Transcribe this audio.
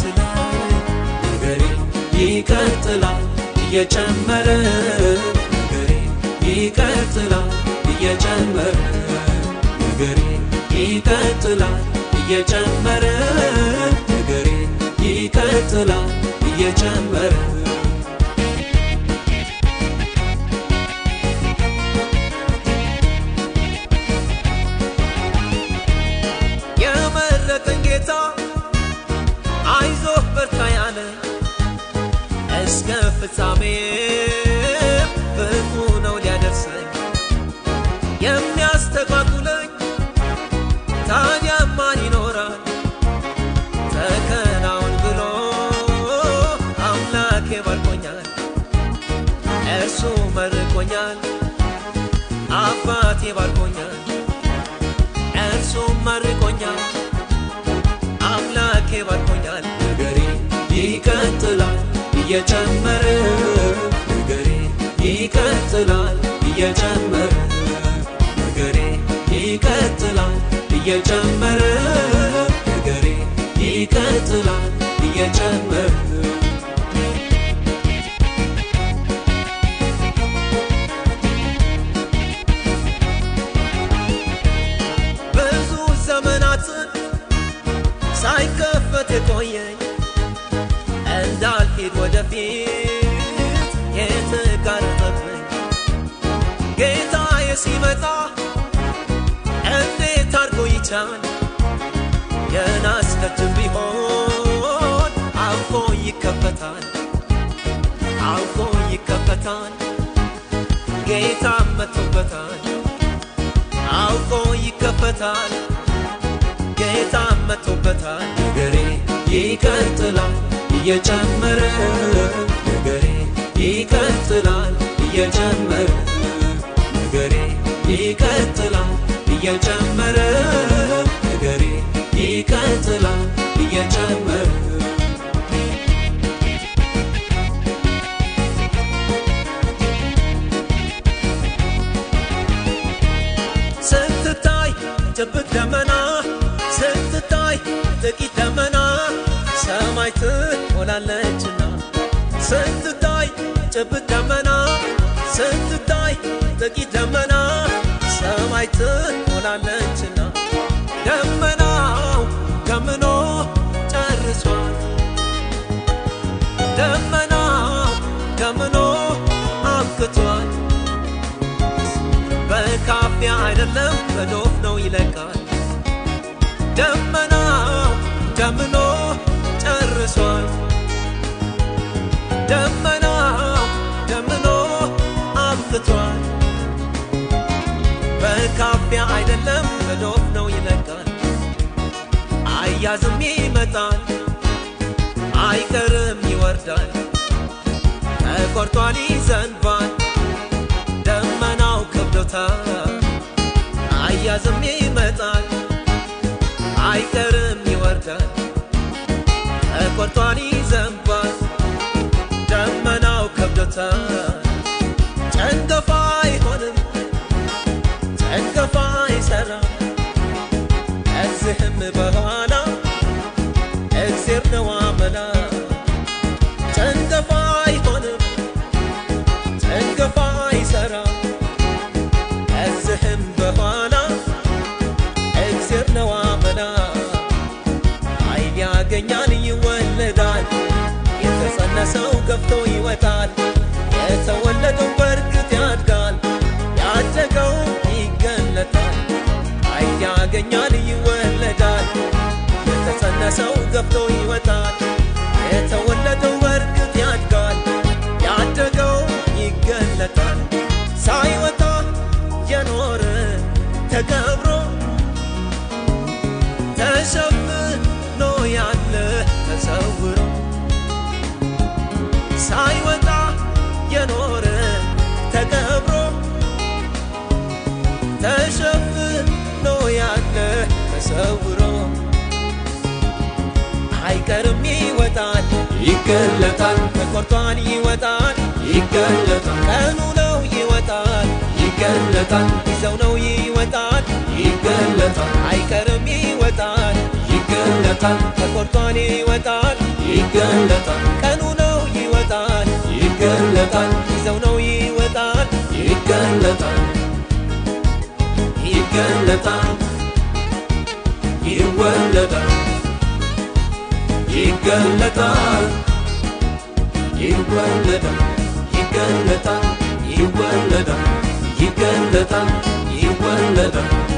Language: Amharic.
ስለ ይቀጥላል እየጨመረ ይቀጥላል እየጨመረ ነገሬ ይቀጥላል እየጨመረ ነገሬ ይቀጥላል እየጨመረ ፍጻሜ ብቁ ነው ሊያደርሰኝ የሚያስተጓጉለኝ ታዲያ ማን ይኖራል? ተከናውን ብሎ አምላኬ ባርኮኛል፣ እርሱ መርቆኛል፣ አባቴ ባርኮኛል፣ እርሱ መርቆኛል፣ አምላኬ ባርኮኛል። ነገሬ ይቀጥላል እየጨመረ ይቀጥላል እየጨመረ ነገሬ ይቀጥላል እየጨመረ ነገሬ ይቀጥላል እየጨመረ ብዙ ዘመናትን ሳይከፈት የቆየኝ እንዳልሄድ ወደፊት ሲመጣ እንዴት አርጎ ይቻል የናስ ደጅም ቢሆን አልፎ ይከፈታል አልፎ ይከፈታል ጌታ መቶበታል አልፎ ይከፈታል ጌታ መቶበታል ነገሬ ይቀጥላል እየጨመረ እየጨመረ ነገሬ ይቀጥላል እየጨመረ ስትታይ ድብቅ ደመና ስትታይ ጥቂት ደመና ሰማይ ትሞላለችና ስትታይ ጭብጥ ደመና ስትታይ ጥቂት ደመና ሰማይ ትሞላለችና በካፊያ አይደለም በዶፍ ነው ይለቃል። ደመና ደምኖ ጨርሷል። ደመና ደምኖ አብቷል። በካፊያ አይደለም በዶፍ ነው ይለቃል። አያዝም ይመጣል፣ አይቀርም ይወርዳል፣ ተቆርጧል ይዘንባል። ቦታ አያዝም ይመጣል አይቀርም ይወርዳል ተቆርጧን ይዘንባል ደመናው ከብዶታል ጨንገፋ አይሆንም ጨንገፋ አይሰራም እዚህም በኋላ እግዜር ነው ጨንገፋ ከዚህም በኋላ እግዜር ነዋ መላ ኃይል ያገኛል ይወለዳል። የተጸነሰው ገፍቶ ይወጣል። የተወለደው በእርግጥ ያድጋል። ያደገው ይገለጣል። ኃይል ያገኛል ይወለዳል። የተጸነሰው ገፍቶ ይወጣል። የተወለደው ይገለጣል። ተቆርጧል ይወጣል ይገለጣል። ቀኑ ነው ይወጣል ይገለጣል። ይዘው ነው ይወጣል ይገለጣል። አይቀርም ይወጣል ይገለጣል። ተቆርጧል ይወጣል ይገለጣል። ቀኑ ነው ይወጣል ይገለጣል። ይዘው ነው ይወጣል ይገለጣል ይገለጣል ይወለዳል ይገለጣል ይወለዳል ይገለጣል ይወለዳል ይገለጣል ይወለዳል